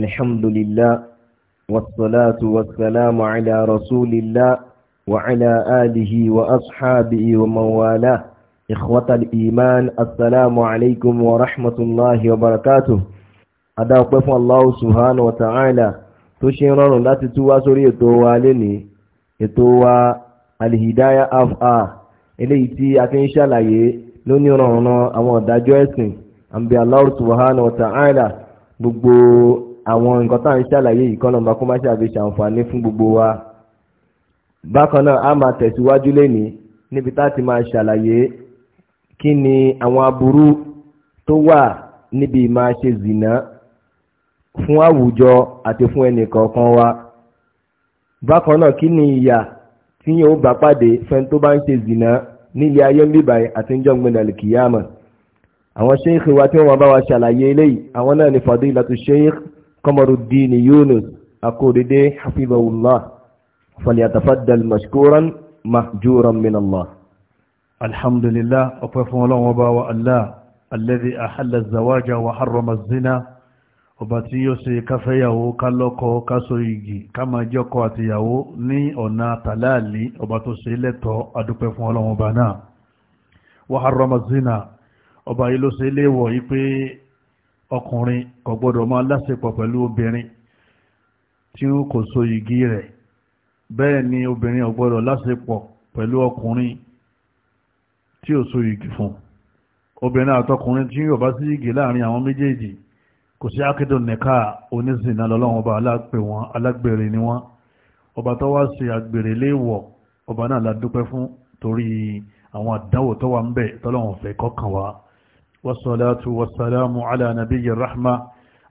الحمد لله والصلاة والسلام على رسول الله وعلى آله وأصحابه ومن والاه إخوة الإيمان السلام عليكم ورحمة الله وبركاته أدا أقف الله سبحانه وتعالى تشيرون لا تتوى سوري يتوى لني يتوى الهداية أفعى إليه تي أكين شالعي lóní ọ̀ràn àwọn أمو ẹ̀sìn àbí Allah subhanahu wa ta'ala gbogbo àwọn nǹkan tá à ń ṣàlàyé yìí kọ́nà máa kó má ṣàfi ṣàǹfààní fún gbogbo wa bákan náà a máa tẹ̀síwájú lénìí níbi tá a ti máa ṣàlàyé kí ni àwọn aburú tó wà níbi máa ṣe zìnà fún àwùjọ àti fún ẹnì kọ̀ọ̀kan wa bákan náà kí ni ìyà tí yẹn ó bá pàdé fẹ́ni tó bá ń ṣe zìnà nílé ayé ń bíbáyé àti ń jọ́ngbìn àlìkìyàmọ̀ àwọn sheikh wa tí wọ́n bá wa ṣàlàyé eléyìí àwọn náà ni fadilatu sheikh Kamaruddin Yunus akóredé hafizahullah falyatafaddal mashkuran mahjuran min Allah. alhamdulillah ọpẹ́ fún ọlọ́run ọba wa allah alladhi ahalla zawaja wa harrama zina ọba tí yóò ṣe káfẹ́yàwó kálọ́kọ kásọ igi ká máa jọ́kọ àtìyàwó ní ọ̀nà tàláàlì ọba tó ṣe lẹ́tọ̀ọ́ adúpẹ́ fún ọlọ́run náà wa harrama zina ọba yìí ló ṣe léèwọ̀ yìí pé ọkùnrin kò gbọ́dọ̀ máa láṣepọ̀ pẹ̀lú obìnrin tí ó kò so igi rẹ̀ bẹ́ẹ̀ ni obìnrin ò gbọ́dọ̀ láṣepọ̀ pẹ̀lú ọkùnrin tí ó so igi fún obìnrin àtọkùnrin tí yóò bá sí igi láàrin àwọn méjèèjì kò sí akédò nìka onísìnà lọ́lọ́wọ́n ọba alágbè wọn alágbèrè ni wọn ọba tó wá sí agbèrè léèwọ̀ ọba náà la dúpẹ́ fún torí àwọn àdánwò tó wà ń bẹ tọ́lọ́wọ́n fẹ́ kọ́kàn wá wasalatu wasalamu ala nabi rahma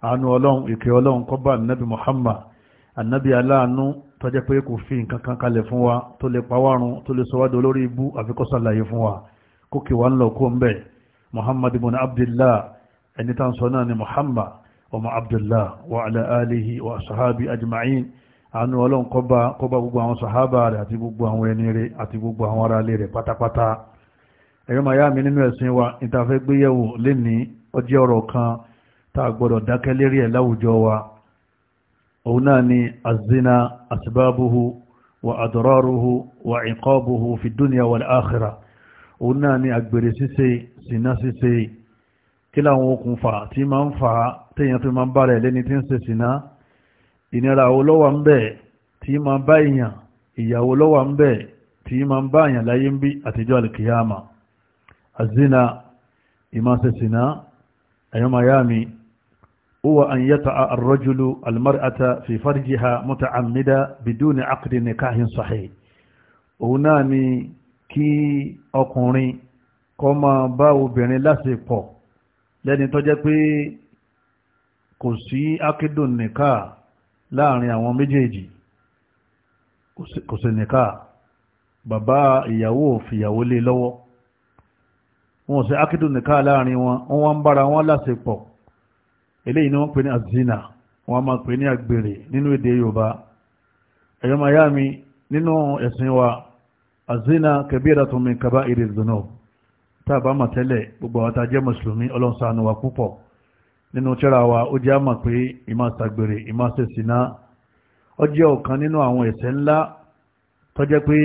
anu ọlọ́run ìkẹ́ ọlọ́run kó bá nabi muhammad annabi aláàánú tó jẹ́ pé kò fi nǹkan kan kalẹ̀ fún wa tó lè pàwárun tó lè sọwádìí olórí ibú àfikọ́ sàlàyé fún wa kó kí wà ń lọ kó ń bẹ̀ muhammad ibn abdullah ẹni tá ń sọ náà ni muhammad ọmọ abdullah wa ala wa sahabi ajma'in anu ọlọ́run kó gbogbo àwọn sahaba rẹ̀ àti gbogbo àwọn ẹni rẹ̀ àti gbogbo àwọn ará ilé rẹ̀ pátápátá ẹ̀yọ́ màá yá mi nínú ẹ̀sìn wa ìtafẹ́ gbéyẹ̀wò lénìí ọjọ́ ọ̀rọ̀ kan tá a gbọ́dọ̀ dákẹ́ lérí ẹ̀ láwùjọ wa òun náà ni azina asbabuhu wa adraruhu wa iqabuhu fi dunya wal akhira òun náà ni àgbèrè ṣíṣe sínà ṣíṣe kí láwọn okùnfà tí máa ń fà á téèyàn fi máa ń bára ẹ̀ lẹ́ni tí ń ṣe sínà ìnira olówà ń bẹ tí máa bá èèyàn ìyàwó olówà ń bẹ tí máa ń bá èèyàn láyé ń bí àtijọ́ alìkìyàmà azina ìmáṣẹ́sìná ẹ̀yọ́mayami huwa an yata'a ar-rajulu al-mar'ata fi farjiha muta'ammida biduni aqdi nikahin sahih òun náà ni kí ọkùnrin kó máa bá obìnrin láṣepọ̀ lẹ́ni tó jẹ́ pé kò sí akídùn nìká láàrin àwọn méjèèjì kò sí nìká bàbá ìyàwó fìyàwó lé lọ́wọ́ wọn ṣe akidu nìka láàrin wọn wọn wá ń bára wọn láṣepọ̀ eléyìí ni wọ́n pè ní azina wọ́n máa pè ní àgbèrè nínú èdè yorùbá ẹ̀yọ́ máa mi nínú ẹ̀sìn wa azina kabiratun min kaba'iri dhunub tá a bá mọ̀ tẹ́lẹ̀ gbogbo àwọn tá a jẹ́ mùsùlùmí ọlọ́run wa púpọ̀ nínú tírà wa ó jẹ́ àmà pé ìmá ṣàgbèrè ìmá ṣe sìná ó jẹ́ ọ̀kan nínú àwọn ẹ̀ṣẹ̀ ńlá tó pé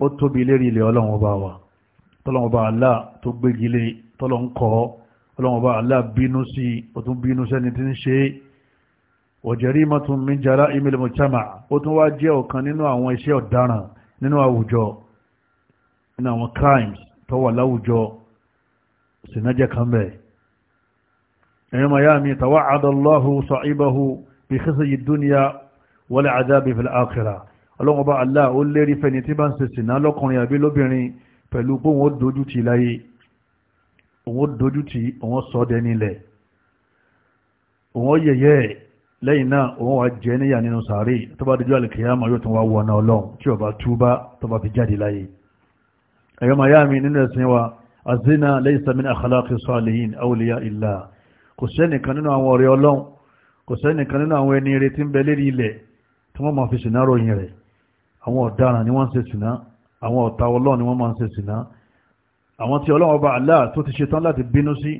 ó tóbi lérí ilẹ̀ ọlọ́run ọba wa tọ́lọ́wọ́n bá Allah tó gbégilé tọ́lọ́wọ́n kọ́ tọ́lọ́wọ́n bá Allah bínú sí ó tún bínú sẹ́ni tí ń ṣe wa jarimatun min jara'imil mujtama' ó tún wá jẹ́ ọ̀kan nínú àwọn iṣẹ́ ọ̀daràn nínú àwùjọ nínú àwọn crimes tó wà láwùjọ sinajẹ́ kan bẹ́ẹ̀ ẹ̀yọ́ miami tawa'ada Allahu sa'ibahu bi khizyid dunya wal 'adhabi fil akhirah ọlọ́wọ́n bá Allah ó lérí fẹ́ni tí bá ń ṣe sìnà lọ́kùnrin àbí lóbìnrin pẹ̀lú pé wọ́n dojú ti láyé wọ́n dojú ti wọ́n sọ ọ́ dẹni lẹ̀ wọ́n yẹ̀yẹ́ ẹ̀ lẹ́yìn náà wọ́n wá jẹ́ níyà nínú sàárè tó bá dojú àlùkìyàmọ̀ yóò tún wá wọ̀nà ọlọ́run tí ó túbá tó bá fi jáde láyé ẹ̀yọ́ nínú ẹ̀sìn wa azina laysa min akhlaqi àwọn ọ̀tá ọlọ́run ni wọ́n máa ń ṣe sìnà àwọn tí ọlọ́run ọba Allah tó ti ṣetán láti bínú sí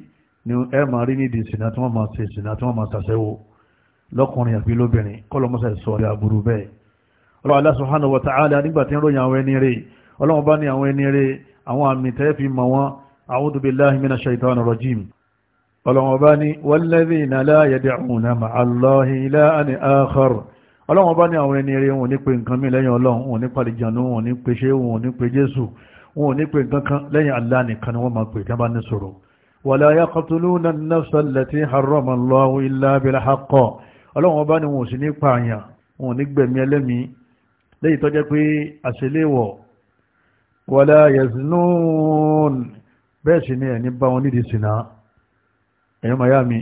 ni ẹ máa rí nídìí sìnà tí wọ́n máa ṣe sìnà tí wọ́n máa ṣàṣẹ́wò lọ́kùnrin àbí lóbìnrin kọ́lọ́mọ́sà ìsọ̀rẹ́ àbúrú bẹ́ẹ̀ ọlọ́run Allah subhanahu wa ta'ala nígbà tí ń ròyìn àwọn ẹni rẹ̀ ọlọ́run bá ní àwọn ẹni rẹ̀ àwọn àmì tẹ́ fi mọ̀ wọn a'udhu ọlọ́run bá ní àwọn ẹni eré wọn ní pé nǹkan mí lẹ́yìn ọlọ́run wọn ní pàdé jànú wọn ní pé ṣé wọn ní pé jésù wọn ní pé nǹkan kan lẹ́yìn Allah nìkan ni wọ́n máa pè tí wọ́n bá ní sọ̀rọ̀ wala yaqtuluna an-nafsa allati harrama Allahu illa bil haqq ọlọ́run bá ní wọn sì ní pààyàn wọn ní gbẹ̀mí ẹlẹ́mí lẹ́yìn tó pé àṣeléwọ̀ wala yaznun bẹ́ẹ̀ sì ni ẹni bá wọn nídìí sìnà ẹ̀yọ́ mayami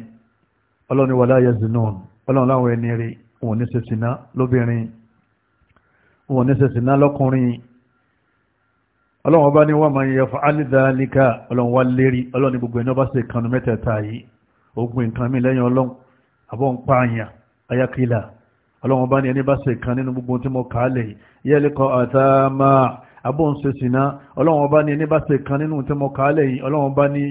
ọlọ́run wala yaznun ọlọ́run láwọn ẹni rí wọn ò ní ṣe sìná lóbìnrin wọn ò ní ṣe sìná lọ́kùnrin ọlọ́run ọba ní wọ́n máa yẹ fún alìdáríkà ọlọ́run wá lérí ọlọ́run ní gbogbo ẹni ọba ṣe kanu mẹ́tẹ̀ẹ̀ta yìí ogun nǹkan mi lẹ́yìn ọlọ́run àbọ̀ ń pa àyàn ayákìlá ní ẹni bá ṣe kan nínú gbogbo mo kà á lẹ̀ yẹ́lẹ́kọ̀ àtàmà àbọ̀ ń ṣe sìná ọlọ́run ọba mo kà á lẹ̀ yìí ọlọ́run ọba ní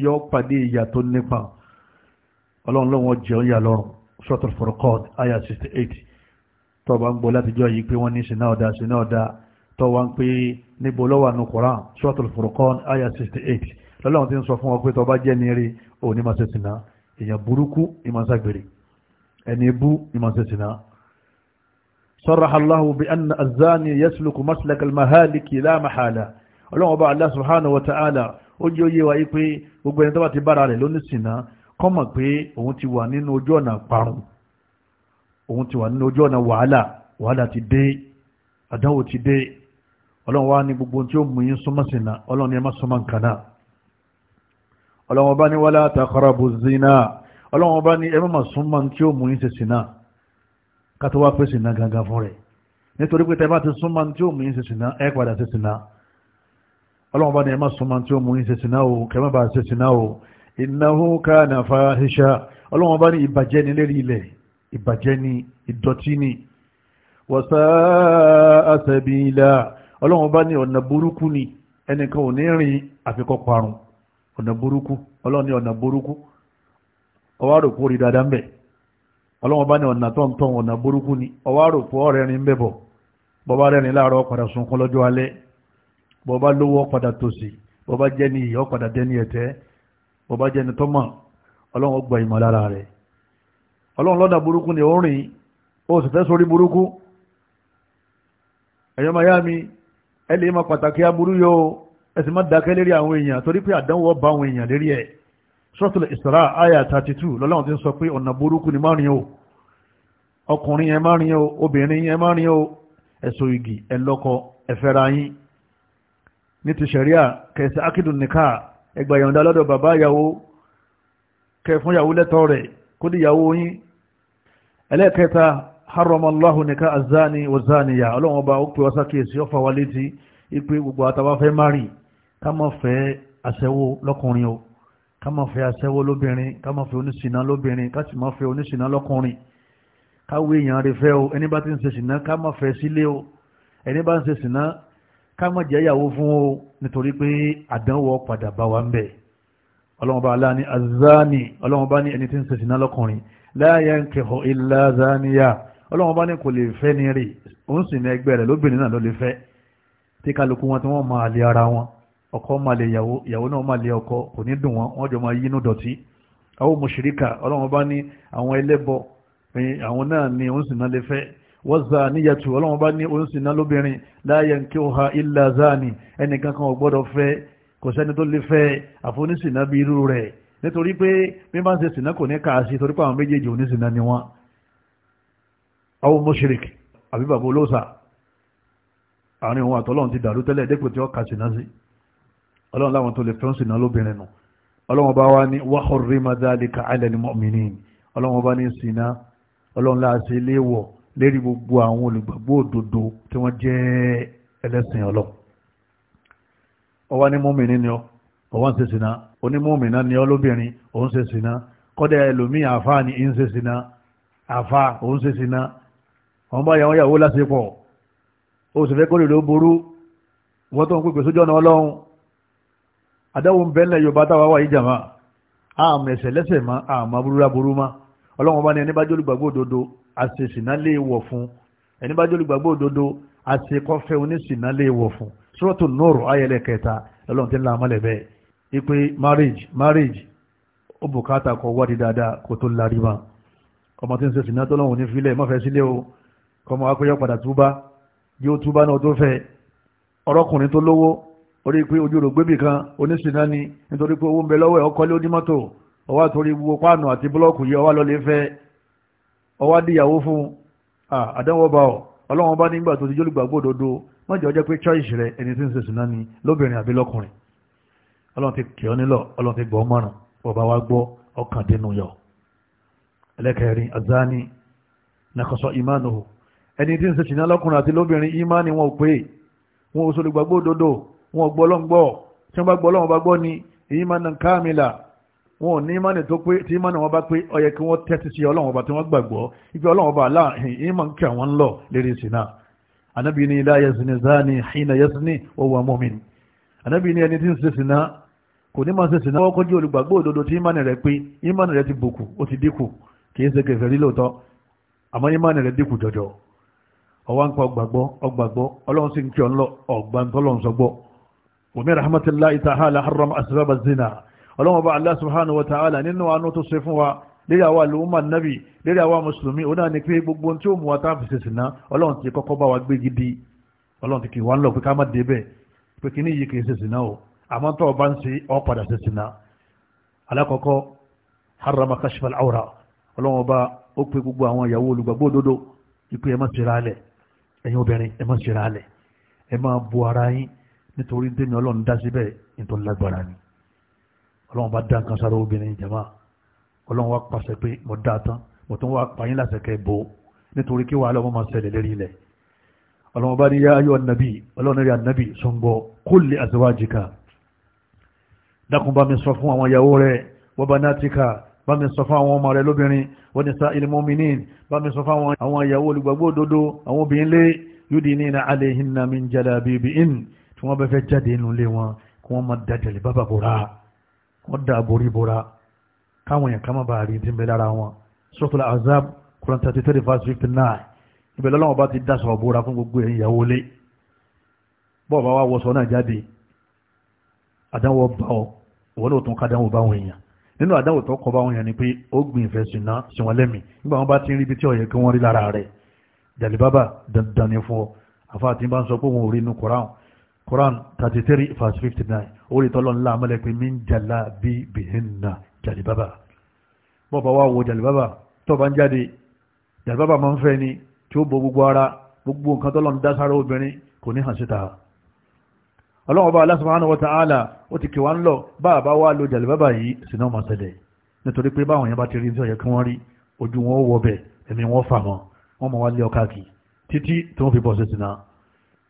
yọ suratul Furqan aya 68 tó bá ń gbọ́ láti jọ yìí pé wọ́n ní ṣìnà ọ̀dá ṣìnà ọ̀dá tó wá ń pè níbo lọ́wọ́ àánú Quran suratul Furqan aya 68 lọ́lọ́run ti ń sọ fún wa pé tó bá jẹ́ nírí ò ní máa ṣe ṣìnà èèyàn burúkú ní máa ṣàgbèrè ẹni ibú ní máa ṣe ṣìnà صرح الله بأن الزاني يسلك مسلك المهالك لا محالة ọlọ́run ọba Allah subhanahu wa ta'ala ó jẹ́ òye wa yí pé gbogbo ẹni tó bá ti bára rẹ̀ lónìí sínà kọ́mọ̀ pé òun ti wà nínú ojú ọ̀nà parun òun ti wà nínú ojú ọ̀nà wàhálà wàhálà ti dé àdánwò ti dé ọlọ́run wá ní gbogbo tí ó mú yín súnmọ́ sínà ọlọ́run ní ẹ má súnmọ́ nǹkan náà ọlọ́run bá ní wala taqrabu zina ọlọ́run bá ní ẹ má súnmọ́ tí ó mú yín ṣe sínà kátó wá pé sínà gangan fún rẹ̀ nítorí pé tẹ́bá ti súnmọ́ tí ó mú yín ṣe sínà ẹ padà ṣe sínà ọlọ́run bá ní ẹ má súnmọ́ tí ó mú yín ṣe sínà o kẹ́ innahu kana fahisha ọlọ́wọ́n bá ní ìbàjẹ́ ní lérí ilẹ̀ ìbàjẹ́ ní ìdọ̀tí ọlọ́wọ́n bá ní ọ̀nà burúkú ní ẹnìkan ò ní rìn àfikọ́ parun ọ̀nà burúkú ọlọ́wọ́n ní ọ̀nà burúkú rí dáadáa ọlọ́wọ́n bá ní ọ̀nà tọ̀ntọ̀n ọ̀nà burúkú ọ̀rẹ́rin ọba bá tó mọ̀ ọlọ́run gba ìmọ̀ lára rẹ̀ ọlọ́run lọ́dà burúkú ni ó rìn ó sì fẹ́ sórí burúkú ẹ̀yọ́ pàtàkì aburú yóò má dákẹ́ lérí àwọn èèyàn torí pé àdánwò bá àwọn èèyàn lérí 32 lọ́lọ́run ti sọ pé ọ̀nà burúkú ni o ọkùnrin yẹn ẹgbà ìyọ̀ǹda lọ́dọ̀ bàbá ìyàwó kẹ fún ìyàwó lẹ́tọ́ rẹ̀ kó dí ìyàwó yín ẹlẹ́ẹ̀kẹta haramallahu nìka azani wazaniya ọlọ́run ọba ó pè wá sákèsí ọfà wa létí ipe gbogbo àtàwà fẹ́ márì ká má fẹ́ aṣẹ́wó lọ́kùnrin o ká má fẹ́ aṣẹ́wó lóbìnrin ká má fẹ́ oníṣìná lóbìnrin ká sì má fẹ́ oníṣìná lọ́kùnrin káwé èèyàn rẹ̀ fẹ́ ká má jẹ́ ìyàwó fún o nítorí pé àdánwò padà bá wa ń bẹ̀ ọlọ́mọba aláàní azani ọlọ́mọba ní ẹni tí ń ṣèṣìná lọ́kùnrin la yankihu illa zaniya ọlọ́mọba ní kò lè fẹ́ ní rí òun sì ní ẹgbẹ́ rẹ̀ lóbìnrin náà ló lè fẹ́ tí kálukú wọn tí wọ́n máa lè ara wọn ọkọ máa lè yàwó yàwó náà máa lè ọkọ kò ní dùn wọn wọ́n jọ máa yínú dọ̀tí àwọn mùṣírikà ọlọ́mọba ní àwọn ẹlẹ́bọ àwọn náà ni òun sì náà lè fẹ́ wazaniyatu ọlọ́run bá ní oníṣìná lóbìnrin la yankihuha illa zani ẹnìkan kan ò gbọ́dọ̀ fẹ́ kò sẹ́ni tó lè fẹ́ àfoníṣìná bí irú rẹ̀ nítorí pé bí bá ń ṣe ṣìná kò ní káàsì torí pé àwọn méjèèjì oníṣìná ni wọ́n aw mushrik àbí bàbá olóòsà àárín òun àtọ́lọ́run ti dàrú tẹ́lẹ̀ dépò tí ó kà ṣìná sí ọlọ́run láwọn tó lè fẹ́ ṣìná lóbìnrin nù ọlọ́run lérí gbogbo àwọn olùgbàgbọ́ òdodo tí wọ́n jẹ́ ẹlẹ́sìn ọlọ́ ọwá ní ni ọ ọwá ń ṣe sìnà onímọ̀mìnà ni ọ lóbìnrin òun ṣe sìnà kọ́dẹ̀ ẹlòmíì àfáà ni ń ṣe sìnà àfáà òun ṣe sìnà wọ́n bá yàwó yàwó lásìpọ̀ ó sì fẹ́ kó lè ló burú wọ́n tó ń pèpè sójú ọ̀nà ọlọ́run adáwọn bẹ́ẹ̀lẹ̀ yorùbá táwa wà yìí jàmá àmẹ̀sẹ̀ lẹ́sẹ̀ má àmọ́ burúkú ọlọ́run bá ní ẹni bá jẹ́ olùgbàgbọ́ òdodo àṣẹ ìsìnà lè wọ̀ fún ẹni bá jẹ́ olùgbàgbọ́ òdodo àṣẹ kọfẹ́ oníṣìnà lè wọ̀ fún sọ́rọ́tò nọ́ọ̀rọ̀ ayẹlẹ kẹta ọlọ́run ti ń la amọ́lẹ̀ bẹ́ẹ̀ ipe marriage marriage ó bùkátà kọ wádìí dáadáa kó tó larí ma ọmọ tí ń ṣe ìsìnà tọ́lọ́run ní filẹ̀ má fẹ́ sílé o kọmọ akóyọ padà túbá yóò túbá náà tó fẹ́ ọ̀rọ̀kùnrin tó lówó orí pé ojú rògbébì kan oníṣìnà ni nítorí pé owó ń bẹ lọ́wọ́ ẹ̀ ọkọ́lé onímọ́tò ọwá torí gbogbo páànù àti búlọ́ọ̀kù yìí ọwá lọlé fẹ́ ọwá díyàwó fún àdánwò bá ọ ọlọ́wọ́n bá nígbà tó ti jólùgbàgbọ́ òdodo wọ́n jẹ́ ọjọ́ pé choice rẹ ẹni tí ń ṣe sùnà ni lóbìnrin àbí lọ́kùnrin ọlọ́run ti kì ọ́ nílọ̀ ọlọ́run ti gbọ́ mọ́ràn ọba wa gbọ́ ọkàn ẹlẹ́kẹ̀rin azani nakọsọ imánuhu ẹni tí ń ṣe sùnà lọ́kùnrin àti lóbìnrin imáni wọn ò pé wọn ò sọlùgbàgbọ́ òdodo wọn ò gbọ́ ọlọ́run gbọ́ tí wọ́n bá gbọ́ ọlọ́run bá gbọ́ ni èyí káàmìlà wọn ò ní ìmánì tó pé tí ìmánì wọn bá pé ó yẹ kí wọ́n tẹ́tí sí ọlọ́run ọba tí wọ́n gbàgbọ́ ipe ọlọ́run ọba aláàhìn ìmọ̀ ń kí àwọn ń lọ lérí sí náà anábì ní la yazni zani hina yazni wa huwa mu'min anábì ní ẹni tí ń ṣe náà kò ní máa ṣe náà wọ́n kọjú olùgbàgbọ́ òdodo tí ìmánì rẹ̀ pé ìmánì rẹ̀ ti bùkù ó ti dínkù kì í ṣe kèfèrí lóòótọ́ ọlọ́wọ́n bá Allah subhanahu wa ta'ala nínú àánú tó ṣe fún wa lérí àwa lòúmà nábì lérí àwa mùsùlùmí ó náà ni pé gbogbo tí ó mú wa táàfì ṣe sìnà ọlọ́run ti kọ́kọ́ bá wa gbé gidi ọlọ́run ti kì wá ń lọ pé ká má dé bẹ́ẹ̀ pé kí ní yìí kì í ṣe o àmọ́ tó o bá ń ṣe ọ́ padà ṣe alákọ̀ọ́kọ́ harama kashfal awra ọlọ́run bá ó pe gbogbo àwọn ìyàwó olùgbàgbọ́ òdodo ipe ẹ ọlọ́run bá dá nǹkan sára obìnrin jama ọlọ́run wá pàṣẹ pé mo dá tán mo tún wá pààyàn láti kẹ́ bò nítorí kí wàhálà wọn máa ṣẹlẹ̀ lérí ilẹ̀ ọlọ́run bá ní yá ayọ́ ànábì ọlọ́run rí ànábì sọ̀ngbọ́ kulli azwajika dákun bá mi sọ fún àwọn ìyàwó rẹ̀ wa banatika bá mi sọ fún àwọn ọmọ rẹ̀ lóbìnrin wa nisa'il mu'minin bá mi sọ fún àwọn ìyàwó olùgbàgbọ́ òdodo àwọn obìnrin lé yudinina alayhinna min jalabibihin tí wọ́n bẹ fẹ́ jáde inú ilé wọn kí wọ́n máa da jẹ̀lẹ̀ bábà bòrá wọ́n dà borí bora káwọn èèyàn ká má bàa rí ti ń bẹ lára wọn suratul azab Quran thirty three verse fifty nine ibẹ̀ lọ́lọ́wọ́ bá ti dáṣọ bora fún gbogbo ẹ̀yìn ìyàwó lé bọ́ọ̀ bá wá wọṣọ náà jáde àdánwò bá ọ òun náà tún kádánwò bá wọn èèyàn nínú àdánwò tó kọ bá wọn èèyàn ni pé ó gbìn ìfẹ́ sìnà sí wọn lẹ́mìí nígbà wọn bá ti ń rí ibi tí ó yẹ kí wọ́n rí lára rẹ̀ jàlíbábà dandan ni fún ọ àfa àti bá ń sọ pé òun ò rí inú Quran Quran thirty three verse fifty nine orí tọ́lọ́ ńlá amọ́lẹ́pẹ́ mi ń jàlá bí bìhínà jàlíbábà bọ́ọ̀bá wa wo jàlíbábà tọ́ba ń jáde jàlíbábà máa ń fẹ́ ni tí ó bo gbogbo ara gbogbo nǹkan tọ́lọ́ ń dá sára obìnrin kò ní hàn síta ọlọ́run bá Allah subhanahu wa ta'ala ó ti kìwá ń lọ bá àbá wá lo jàlíbábà yìí sínú ọmọ ṣẹlẹ̀ nítorí pé báwọn yẹn bá ti rí ní ọ̀yẹ́ kí wọ́n rí ojú wọn ó wọ bẹ̀ ẹ̀mí wọn fà mọ́ wọn mọ̀ wá lé ọkà kì títí tó ń fi bọ́ sí sinna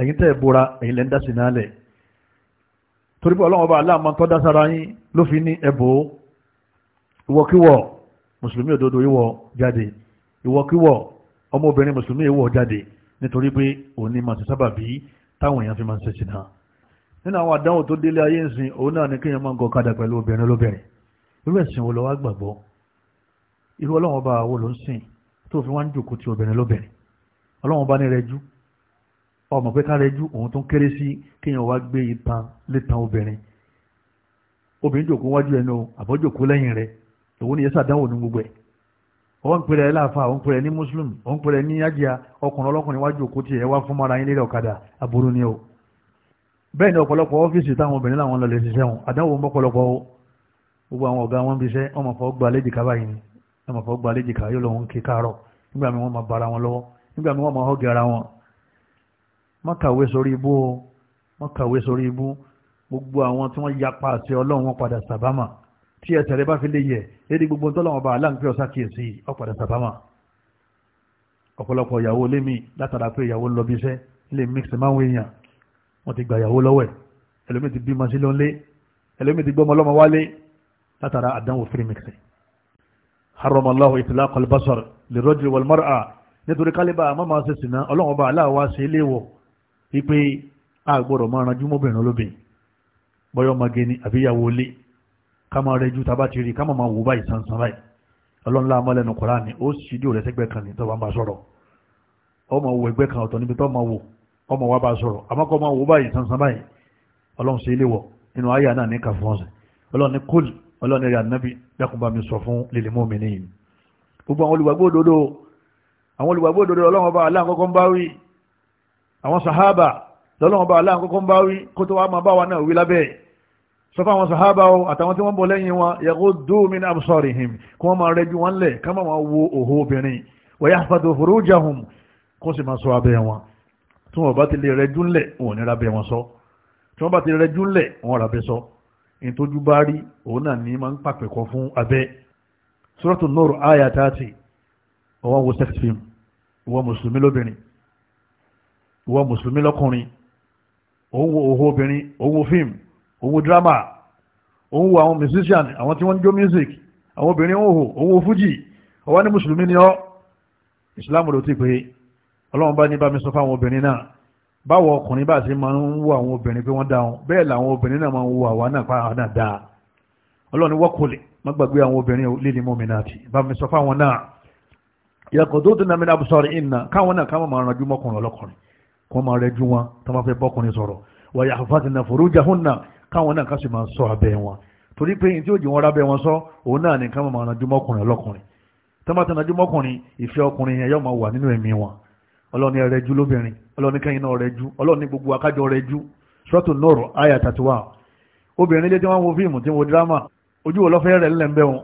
ẹ̀yin tẹ́ ẹ̀ bora ẹ̀yin lẹ́ ń dásì náà lẹ̀ torí pé ọlọ́wọ́n bá aláàmọ́ tó dá sára yín ló fi ní ẹ̀bọ̀ ìwọ̀kíwọ̀ mùsùlùmí òdodo ìwọ̀ jáde ìwọ̀kíwọ̀ ọmọbìnrin mùsùlùmí ìwọ̀ jáde nítorí pé òní máa ṣe sábà bí táwọn èèyàn fi máa ń ṣe ṣìnà nínú àwọn àdánwò tó délé ayé ń sìn òun náà ni kéèyàn máa ń gọ kadà pẹ̀lú obìnrin olóbìnrin irú ẹ̀sìn wo lọ wá gbàgbọ́ irú ọlọ́wọ́n bá wo ló ń sìn tó fi wá ń jòkó ti obìnrin olóbìnrin ọlọ́wọ́n bá ní rẹjú ọmọ pé ká rẹjú òun tó ń kéré sí kéèyàn wá gbé itan létan obìnrin obìnrin jòkó wájú ẹnu àbọ́jòkó lẹ́yìn rẹ̀ òun nìyẹn sàdánwò ní gbogbo ẹ̀ òun pèrè ẹ láàfà òun pèrè ní muslim òun pèrè ní ájíà ọkùnrin ọlọ́kùnrin wájú òkú tiẹ̀ wá fún mọ́ra yín lé ọ̀kadà aburú ni o bẹ́ẹ̀ ni ọ̀pọ̀lọpọ̀ ọ́fíìsì táwọn obìnrin làwọn lọ lè ṣiṣẹ́ wọn àdánwò mọ́pọ̀lọpọ̀ o gbogbo àwọn ọ̀gá wọn bíṣẹ́ wọn máa fọ́ gba léjìká báyìí ni wọn máa fọ́ gba léjìká yóò lọ́wọ́ kí káàárọ̀ nígbà mi wọn máa bara wọn lọ́wọ́ nígbà mi wọn máa họ́gẹ̀ ara wọn má kàwé sórí ibú o má kàwé sórí ibú gbogbo àwọn tí wọ́n yapa àti ọlọ́run wọn padà sàbámà tí ẹsẹ̀ rẹ bá fi lè yẹ lédi gbogbo tọ́lọ́wọ́n bá aláǹkẹ́ ọ̀sá kìí ọ padà sàbámà ọ̀pọ̀lọpọ̀ ìyàwó lémi látara pé ìyàwó lọ bí iṣẹ́ lè mix máwọn èèyàn wọ́n ti gba ìyàwó lọ́wọ́ ẹ̀ ẹlòmíì ti bímọ sí lónlé ẹlòmíì ti gbọ́mọ lọ́mọ wálé látara àdánwò free mix haram allahu basar lirajuli wal mar'a nítorí kálíbà má máa ṣe sìnà ọlọ́run bá aláwa ṣe léèwọ̀ wípé a gbọ́dọ̀ máa ranjú mọ́bìnrin olóbìn bọ́yọ́ mage ni àbíyàwó lé ká máa rẹjú tábà ti rí ká máa wò báyìí sansan báyìí ọlọ́nlá amọ́lẹ́nu Kùránì ó sì dí òrẹ́sẹ́gbẹ́ kan ní tó bá ń bá sọ̀rọ̀ ọmọ wo ẹgbẹ́ kan ọ̀tọ̀ níbi tó máa wò ọmọ wa bá sọ̀rọ̀ àmọ́ kó máa wò báyìí sansan báyìí ọlọ́run sí ilé wọ̀ nínú àyà náà ní kàfọ́nsì ọlọ́run kúl ọlọ́run ní rí ànábì dákùnbà mi sọ fún lèlè mú mi níyìn gbogbo àwọn olùgbàgbọ́ òdodo àwọn olùgbàgbọ́ òdodo ọlọ́run ọba aláàkọ́kọ́ ń bá wí àwọn sahaba lọ́lọ́wọ́n bá aláà kọ́kọ́ ń bá wí kó tó wá máa bá wa náà wí lábẹ́ sọ fún àwọn sahaba o àtàwọn tí wọ́n bọ̀ lẹ́yìn wọn yaghuddu min absarihim kí wọ́n máa rẹjú wọn lẹ̀ ká máa wo òhó obìnrin wa yahfadhu furujahum kó sì máa sọ abẹ́ wọn tí wọ́n bá ti lè rẹjú lẹ̀ wọn ní rabẹ́ wọn sọ tí wọ́n bá ti rẹjú lẹ̀ wọn rabẹ́ sọ ìtọ́jú bá rí òun náà ní máa ń pàpẹ̀kọ fún abẹ́ Suratu Nur aya 30 ọwọ́ wo sex film ìwọ mùsùlùmí lóbìnrin ìwọ mùsùlùmí lọ́kùnrin òun wo òhò obìnrin òun wo fíìmù òun wo dírámà òun wo àwọn musician àwọn tí wọ́n ń jó music àwọn obìnrin òhò òun wo fújì ọwọ́ ní mùsùlùmí ni ọ́ ìsìláàmù ló ti pé ọlọ́run bá ní bá mi sọ fáwọn obìnrin náà báwo ọkùnrin bá ṣe máa ń wo àwọn obìnrin pé wọ́n dáhùn bẹ́ẹ̀ làwọn obìnrin náà máa ń wo àwa náà pa àwọn náà dáa ọlọ́run wọ́kùnlé má gbàgbé àwọn obìnrin líle mọ́mìnàtì bá mi sọ fáwọn náà yàtọ̀ tó dín náà mi ìnà káwọn náà káwọn máa ranjú mọ́kùnrin ọlọ́kùnrin kó máa rẹjú wọn tó fẹ́ bọ́kùnrin sọ̀rọ̀ wa yahfazna furujahunna káwọn náà kásì máa sọ abẹ́ wọn torí pé tí ó jì wọn rábẹ́ wọn sọ òun náà nìkan máa rànjú mọ́kùnrin ọlọ́kùnrin tó máa tẹ̀nàjú mọ́kùnrin ìfẹ́ ọkùnrin yẹn yóò máa wà nínú ẹ̀mí wọn ọlọ́ni ẹrẹ́jú lóbìnrin ọlọ́ni kẹ́yìn náà rẹ́jú ọlọ́ni gbogbo akájọ rẹ́jú sọ́tù nọ́ọ̀rọ̀ àyà tàtiwá obìnrin lé tí wọ́n wo fíìmù tí wọ́n wo dírámà ojú wo lọ́fẹ́ rẹ̀ ńlẹ̀ ń bẹ́ wọn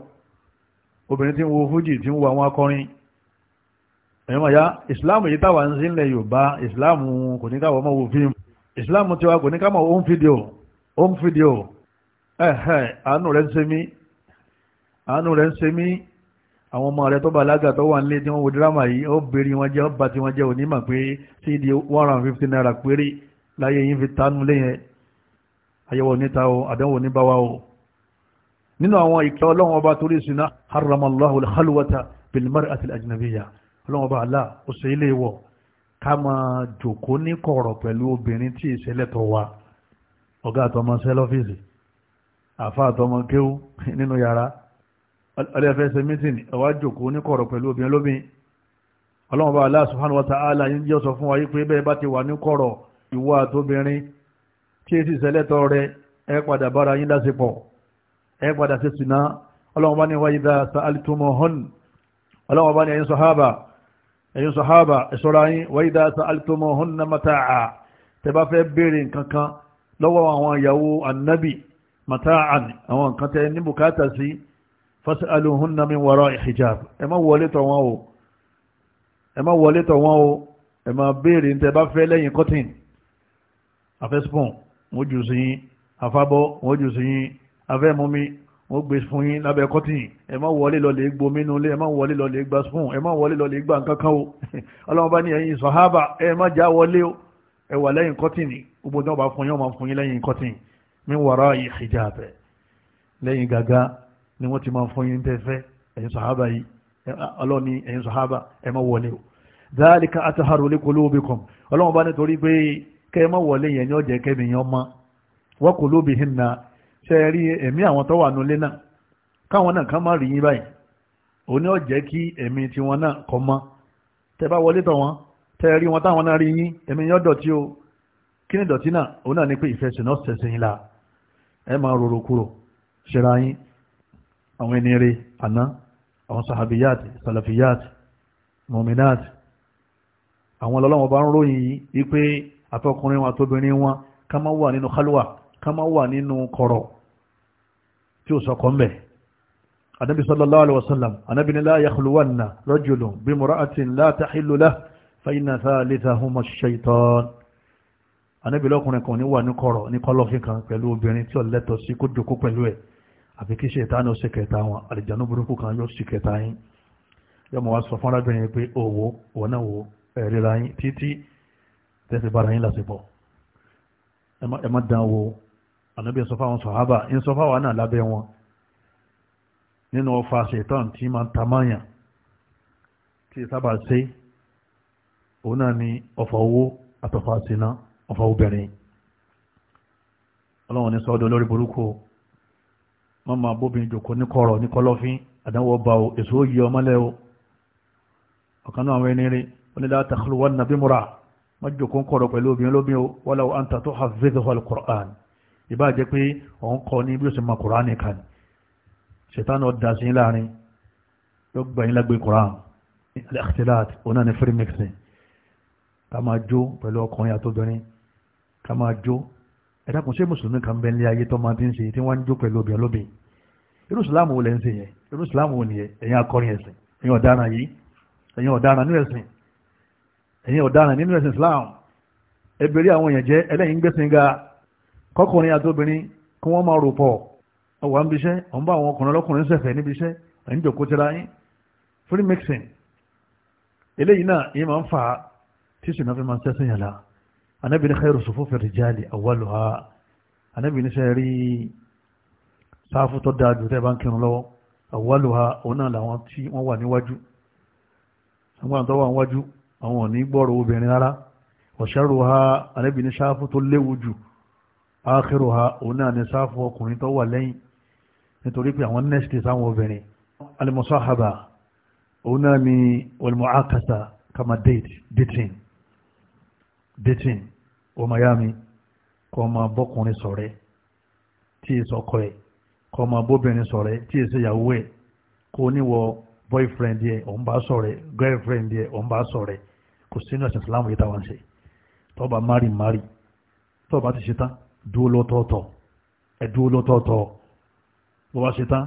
obìnrin wo fújì tí ń wo àwọn akọrin ẹ̀yọ́mọ̀ ya ìsìláàmù yìí táwà ń sílẹ̀ yorùbá ìsìláàmù kò ní káwọ́ ọmọ wò fíìmù ìsìláàmù tiwa kò ní káwọ́ home video home video ẹ̀hẹ̀ àánú rẹ̀ ń ṣe mí àánú rẹ̀ ń ṣe mí àwọn ọmọ rẹ̀ tó bá alága tó wà nílé tí wọ́n wo dírámà yìí ó bèrè wọn jẹ́ ó bá ti wọn jẹ́ onímọ̀ pé cd one hundred fifty naira péré láyé yín fi tánú léyẹn àyẹ̀wò níta o àdánwò níbáwá o nínú àwọn ìkẹ́ ọlọ́run ọba torí sinna haramallahu alhalwata bilmar àti ajnabiyya ọlọ́wọ́n bá àlá ó ṣe ilé wọ̀ ká máa jòkó ní kọ̀rọ̀ pẹ̀lú obìnrin tí wa ọ̀gá àtọmọ sẹ́lọ́fíìsì àfa àtọmọ kéwú nínú yàrá ọlẹ́fẹ́ ṣe mítìn ọwá jòkó pẹ̀lú obìnrin wa yín jẹ́ sọ fún wa bẹ́ẹ̀ bá ti wà ní kọ̀rọ̀ tí èsì rẹ ẹ padà bára yín lásìpọ̀ ẹ padà ṣe sìnà bá ní wáyé dá sa ẹ̀yin sọ̀hábà ẹ̀ṣọ́ra yín wáyídá sa'altumo hunna mata'a tẹ bá fẹ́ bèèrè nǹkan kan lọ́wọ́ àwọn ìyàwó annabi mata'an àwọn nǹkan tẹ ní bùkátà sí fas'alu hunna min wara'i hijab ẹ má wọlé tọ̀ wọ́n o ẹ má wọ́n gbé fún yín lábẹ́ kọ́tìn ẹ má wọlé lọlé gbó mínú lé ẹ má wọlé lọlé gba spoon ẹ má wọlé lọlé gba nǹkan kan o ọlọ́run ní ẹ̀yin sọ̀hábà ẹ má já wọlé o ẹ wà lẹ́yìn kọ́tìn gbogbo tí wọ́n bá fún yín wọ́n máa fún yín lẹ́yìn kọ́tìn mi wàrà hijab lẹ́yìn gàgá ni wọ́n ti máa fún yín tẹ́fẹ́ ẹ̀yin sọ̀hábà yìí ọlọ́run ẹ̀yin sọ̀hábà ẹ ṣe é rí ẹ̀mí àwọn tó wà nulẹ̀ náà káwọn náà kàn má rí yín báyìí òní ó jẹ́ kí ẹ̀mí tiwọn náà kọ́ mọ́ tẹ bá wọlé tọ̀ wọ́n tẹ rí wọn táwọn náà rí yín ẹ̀mí yọ́ dọ̀tí o kí ni dọ̀tí náà òun náà ní pé ìfẹsẹ̀ náà ṣẹ̀ṣẹ̀ yín la ẹ máa rorò kúrò ṣẹra yín àwọn ẹni rere àná àwọn sahabiyat salafiyat muminat àwọn ọlọ́wọ́n bá ń ròyìn yìí pé àtọkùnrin wọn àtobìnrin wọn ká má wà nínú kálíwà ká má wà nínú kọ̀rọ̀ tí ó sọkọ̀ ń bẹ̀ anábi sallallahu alaihi wasallam anábi ni la yakhluwanna rajulun bi mura'atin la tahillu lahu fa inna thalithahuma ash-shaytan anábi lọ́kùnrin kan ní wà ní kọ̀rọ̀ ní kọ́lọ́fín kan pẹ̀lú obìnrin tí ó lẹ́tọ̀ sí kó jòkó pẹ̀lú ẹ̀ àfi kí ṣètánì ó sì kẹta wọn àlìjánu burúkú kan yóò sì ànábì sọ fáwọn sọ̀hábà ń sọ fáwọn náà lábẹ́ wọn nínú ọfà ṣètàn tí máa ń ta máyà tí sábà ṣe òun náà ni ọfà owó àtọfà síná ọfà obìnrin ọlọ́run ní sọ́dọ̀ lórí burúkú wọ́n máa bóbin jòkó ní kọ̀rọ̀ ní kọ̀lọ̀fín àdánwò bá o èso yí ọmọ lẹ́wọ́ ọ̀kan náà àwọn ẹni rí ní látàkùn wọn nàbí múra wọ́n jòkó ń kọ̀rọ̀ pẹ̀lú obìnrin lóbìn o wọ́n lọ́wọ́ àǹtà tó hàfíìsì hall Qur'an ìbá jẹ́ pé òun kọ ní bí ó sì mọ kùránì kan ṣètánù ọ̀dà sí láàrin yóò gbà yín lágbé kùránì al-ikhtilat òun náà ní free mixing ká máa jó pẹ̀lú ọkùnrin àtobìnrin ká máa jó ẹ̀dàkùn ṣé mùsùlùmí kan bẹ́ẹ̀ ní ayé tó máa ti ń ṣe tí wọ́n ń jó pẹ̀lú obìnrin lóbìn irú ìsìláàmù wo lẹ́ ń ṣe yẹn irú ìsìláàmù wo nìyẹn ẹ̀yin akọrin ẹ̀sìn ẹ̀yin ọ̀daràn yìí ẹ̀yin ọ̀daràn nínú ẹ̀sìn ẹ̀yin ọ̀daràn nínú ẹ̀sìn Islam ẹ̀bẹ̀rẹ̀ àwọn èèyàn jẹ́ ẹlẹ́yin gbẹ̀sìn ga kọkùnrin àtobìnrin kí wọ́n máa rò pọ̀ ọwà ń bíṣẹ́ ọ̀n bá àwọn ọkùnrin ọlọ́kùnrin sẹ̀fẹ̀ níbi iṣẹ́ ẹ̀yìn jòkó tẹ́ra yín free mixing eléyìí náà yìí máa ń fà á tí sì náà fi máa ń tẹ́sán yàrá anábì ní khairu sufufi rijali awwaluha anábì ní sẹ́ rí sáfù tó dáa jù tẹ́ bá ń kírun lọ́wọ́ awwaluha òun náà làwọn tí wọ́n wà níwájú àwọn àwọn tó wà níwájú ákérò ha òun náà ni sáfù ọkùnrin tó wà lẹ́yìn nítorí pé àwọn nẹ́ẹ̀sì sáwọn obìnrin alimusahaba òun náà ni olùmọ̀ákàtà kama date dating dating o miami kọ́ ma bọ́kùnrin sọ̀rẹ́ tí èso ọkọ ẹ̀ kọ́ ma bóbìnrin sọ̀rẹ́ tí èso ìyàwó ẹ̀ kó níwọ̀ boyfriend yẹ òun bá sọ̀rẹ́ girlfriend yẹ òun bá sọ̀rẹ́ kò sínú ẹ̀sìn Islam yìí táwọn ṣe tọ́ba mari mari tọ́ba ti ṣe tán dúró lọ́tọ̀ọ̀tọ̀ ẹ dúró lọ́tọ̀ọ̀tọ̀ bó bá ṣe tán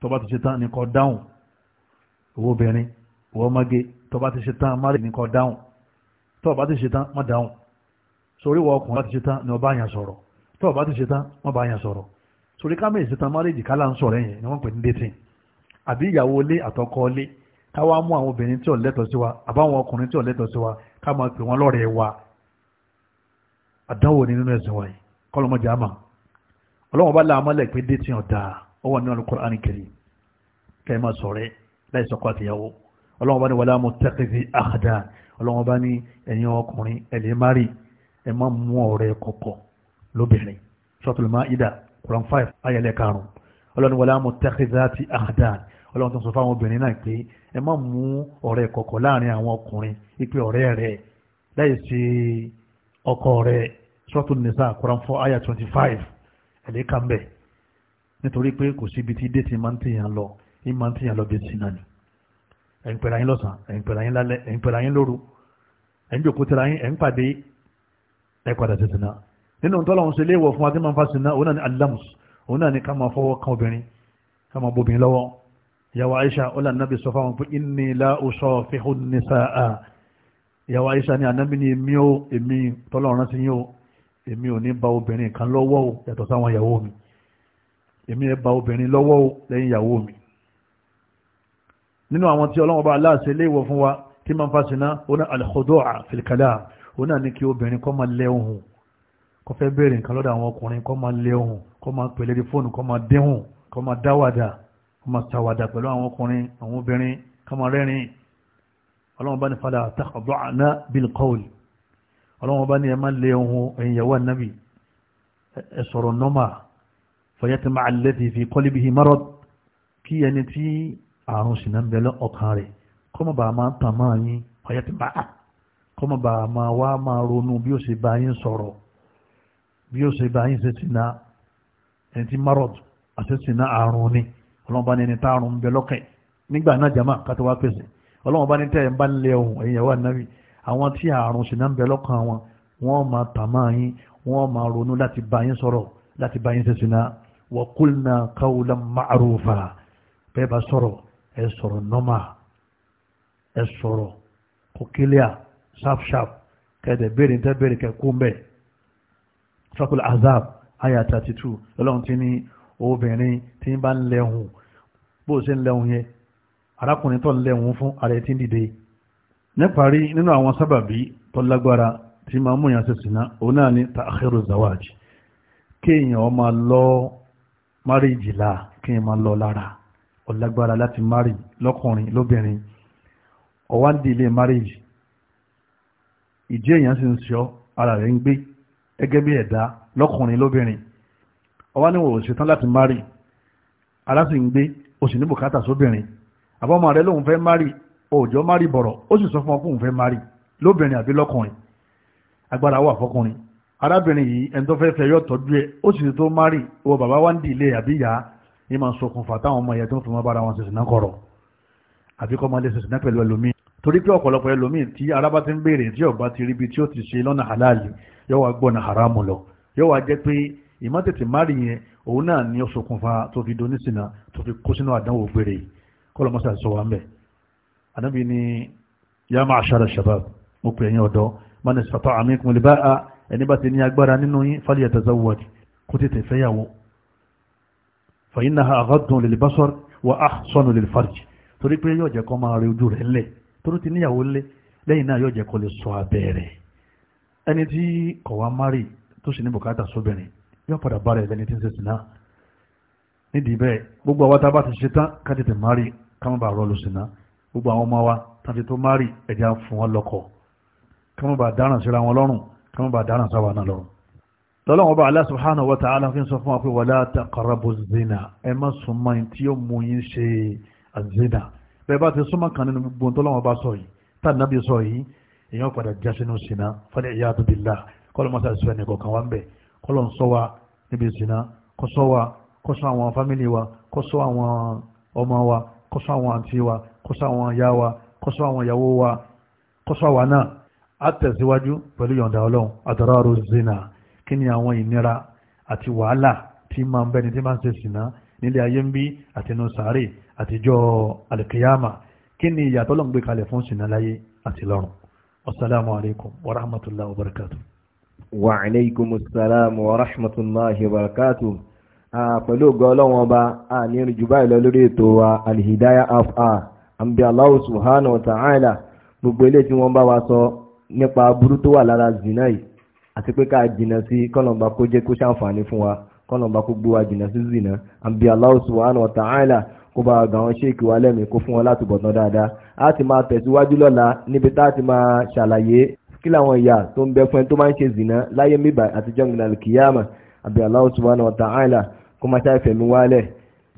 tó bá ti ṣe tán nìkan dáhùn owó obìnrin owó ọmọge tó bá ti ṣe tán má rè nìkan dáhùn tó bá ti ṣe tán má dáhùn sórí wọ ọkùnrin bá ti ṣe tán ni ọba àyàn sọ̀rọ̀ tó bá ti ṣe tán má bá àyàn sọ̀rọ̀ sórí kámẹ́rì ṣe tán má rè jìkálà ń sọ̀rọ̀ ẹ̀yìn ni wọ́n pè ní dating àbí ìyàwó ilé àtọkọ ilé káwá mú àwọn obìnrin tí ò lẹ́tọ̀ọ́ sí wa àbáwọn ọkùnrin tí ò lẹ́tọ̀ọ́ sí wa ká máa pè wọ́n lọ́rẹ̀ẹ́ wa àdánwò ni nínú ẹ̀sìn wa kọlọmọdé àmà ọlọ́wọ́n bá láàmọ́lẹ̀ pé dé tí ọ̀dà ó wà nínú Al-Qur'an Al-Karim kẹ́ ẹ máa sọ̀rẹ́ láì sọ́kọ àtìyàwó ọlọ́wọ́n bá ní wàlá mutakhidhi akhda ọlọ́wọ́n bá ní ẹ̀yin ọkùnrin ẹ̀lẹ́ mari ẹ̀ má mú ọ̀rẹ́ kọ̀kọ̀ lóbìnrin Suratul Maida Quran five ayẹlẹ karùn ọlọ́ni wàlá mutakhidhati akhda ọlọ́run tó ń sọ sọ́tò nìsa Quran four ayah twenty five ẹ̀lẹ́ kan bẹ́ẹ̀ nítorí pé kò síbi tí déètì máa ń tèèyàn lọ ní máa ń tèèyàn lọ déètì náà ni ẹ̀yin pẹ̀lú ayín lọ́sàn ẹ̀yin pẹ̀lú ayín lálẹ́ ẹ̀yin pẹ̀lú ayín lóru ẹ̀yin jòkó tẹ̀lé ayín ẹ̀yin pàdé ẹ̀ padà tètè náà nínú tọ́lọ́hún ṣe léèwọ̀ fún wa tí máa òun náà ni alamus òun náà ni ká máa fọwọ́ kan obìnrin ká máa bóbin lọ́wọ́ ìyàwó Aisha ọlá nàbì sọ fáwọn pé inni la usafihu nisaa ìyàwó Aisha ni ànábì ni èmi ó èmi tọ́lọ́run rántí yín ó èmi ò ní ba obìnrin kan lọ́wọ́ o yàtọ̀ sáwọn ìyàwó mi èmi ẹ ba obìnrin lọ́wọ́ o lẹ́yìn ìyàwó mi nínú àwọn tí ọlọ́wọ́ bá aláàṣẹ léèwọ̀ fún wa tí máa ń fa sinna ó ní al-khudu' fil kalam ó náà ní kí obìnrin kọ́ máa lẹ́ ohùn kọ́ fẹ́ bèèrè nǹkan lọ́dọ̀ àwọn ọkùnrin kọ́ máa lẹ́ kọ́ máa pèlè di fóònù kọ́ máa déhùn kọ́ máa dáwàdà kọ́ máa tàwàdà pẹ̀lú àwọn ọkùnrin àwọn obìnrin kọ́ máa rẹ́rìn ọlọ́wọ́ bá ní fala takhda'na bil qawl ọlọ́wọ́n bá ní ẹ máa lé ohun ẹ̀yìn ìyàwó ànábì ẹ sọ̀rọ̀ nọ́mà fọyẹ́tìmá alẹ́dì fi kọ́lé bíi marad kí ẹni tí àrùn sì náà ń bẹ̀lẹ̀ ọkàn rẹ̀ kọ́mọ̀ bá máa tàn máa yín fọyẹ́tìmá à kọ́mọ̀ bá máa wá máa ronú bí ó ṣe bá yín sọ̀rọ̀ bí ó ṣe bá yín ṣe sìnà ẹni tí marad àti sìnà àrùn ni ọlọ́wọ́n bá ní ẹni tá àrùn ń bẹ nígbà náà jàmá kátó wá pèsè ọlọ́wọ́n bá ní tẹ́ ẹ̀ ń bá ń lé ohun ẹ̀yìn ìyàwó ànábì àwọn tí àrùn ṣìnà ń bẹ lọ́kàn wọn wọ́n máa tàmá yín wọ́n máa ronú láti bá yín sọ̀rọ̀ láti bá yín ṣẹ̀ṣìnà wa qulna qawlan ma'rufa bẹ́ẹ̀ bá sọ̀rọ̀ ẹ sọ̀rọ̀ nọ́mà ẹ sọ̀rọ̀ kòkílíà ṣáfṣáf kẹ́dẹ̀ béèrè tẹ́ béèrè kẹ́kún bẹ́ẹ̀ sọ́kùlù azab aya 32 lọ́lọ́run ti ní obìnrin tí ń bá ń lẹ́hùn bó ṣe ń lẹ́hùn yẹn arákùnrin tó ń lẹ́hùn fún ààrẹ tí ń dìde níparí nínú àwọn sábàbí tó lágbára tí ma mú yàn sísìná òun náà ni ta'khiru zawaj kéèyàn ma lọ márìjì láà kéèyàn ma lọ lára ó lágbára láti márì lọ́kùnrin lóbìnrin ọwádìí ilé márìjì ìdí èèyàn sì ń sọ ara rẹ̀ ń gbé gẹ́gẹ́ bí ẹ̀dá lọ́kùnrin lóbìnrin ọwá níwò ṣetán láti márì ara sì ń gbé ó sì ní bùkátà sóbìnrin àbọ̀mọ̀ rẹ̀ lòun fẹ́ márì òòjọ́ má rí bọ̀rọ̀ ó sì sọ fún ọkùnrin fẹ́ má rí lóbìnrin àbí lọ́kùnrin agbára wà fọkùnrin arábìnrin yìí ẹni tó fẹ́ fẹ́ yọ tọ́jú ẹ ó sì tó má rí wọ bàbá wa ń di ilé àbí ìyá ní máa ṣokùnfà táwọn ọmọ ìyá tó ń fi mọ́ bára wọn ṣèṣìná kọ̀rọ̀ àbí kọ́ máa lè ṣèṣìná pẹ̀lú ẹlòmíì torí pé ọ̀pọ̀lọpọ̀ ẹlòmíì tí arábá ti ń béèrè tí ọba ti ríbi tí ó ti ṣe lọ́nà halali yóò wá gbọ́nà haramu lọ yóò wá jẹ́ pé ìmọ̀tètè márì yẹn òun náà ni ó ṣokùnfà tó fi donísìnà tó fi kó sínú àdánwò gbére kọ́lọ́mọ́sà sọ wa ń bẹ̀ anábì ni ya ma'ashara shabab mo pè ẹ̀yin ọ̀dọ́ man istata'a minkum al-ba'a ẹni bá ti ní agbára nínú yín falyatazawwaj kó tètè fẹ́yàwó fa innaha aghaddu lil-basar wa ahsanu lil-farj torí pé yóò jẹ́ kó máa rí ojú rẹ̀ lẹ̀ torí ti níyàwó lé lẹ́yìn náà yóò jẹ́ kó lè sọ abẹ́rẹ́ ẹni tí kò wá mari tó sì ní bùkátà sóbìnrin yóò padà bá rẹ̀ lẹ́ni tí ń sèṣin nídìí bẹ́ẹ̀ gbogbo àwọn tá a bá ti ṣe tán ká tètè mari ká má bàa rọ́ọ̀lù sí gbogbo àwọn ọmọ wa tàbí tó márì ẹ̀já fún wọn lọ́kọ kí wọ́n bá dáràn síra wọn lọ́rùn kí wọ́n bá dáràn sáwà náà lọ́rùn lọ́lọ́wọ́ bá Allah subhanahu wa ta'ala fi ń sọ fún wa pé wala taqrabu zina ẹ má súnmọ́ in tí ó mú yín ṣe zina bẹ́ẹ̀ bá ti súnmọ́ kan nínú gbogbo tọ́lọ́wọ́ bá sọ yìí tá nàbí sọ yìí èèyàn padà já sínú zina fal iyadu billah kọ́lọ́ mọ́sá àwọn fámìlì wa kọ́ àwọn ọmọ wa kọ́ àwọn àǹtí wa kó sọ àwọn ìyá wa kó sọ àwọn ìyàwó wa kó sọ náà á tẹ̀síwájú pẹ̀lú yọ̀ǹda ọlọ́run àdọ́rọ́rọ́ zina kí ni àwọn ìnira àti wàhálà tí máa ń bẹ́ni tí máa ń ṣe sìnà nílé ayé ń bí àtinú sàárè àtijọ́ alìkìyàmà kí ni ìyàtọ̀ lọ́n gbé kalẹ̀ fún sìnà láyé àti lọ́run wasalaamu alaykum wa rahmatulah wa barakatu. wa aleykum salaam wa rahmatulah wa barakatu. pẹ̀lú ògo ọlọ́wọ́n ọba a ní ìrìnjú báyìí lọ lórí ètò àbí Allah subhanahu wa ta'ala gbogbo ilé tí wọ́n bá wa sọ nípa aburú tó wà lára zina yìí àti pé ká jìnà sí kọ́nàmbà kó jẹ́ kó ṣàǹfààní fún wa kọ́nàmbà kó gbé jìnà sí zina àbí Allah subhanahu wa ta'ala kó bá gbà wọn ṣéèkì wa lẹ́mìí kó fún wọn láti bọ̀ tán dáadáa a ti máa tẹ̀síwájú lọ́la níbi tá a ti máa ṣàlàyé kí làwọn ìyà tó ń bẹ fún ẹ tó máa ń ṣe zina láyé mìíràn àtijọ́ ìgbìnàlù kìyàmà àbí Allah subhanahu wa ta'ala kó máa ṣàìfẹ̀mí wálẹ̀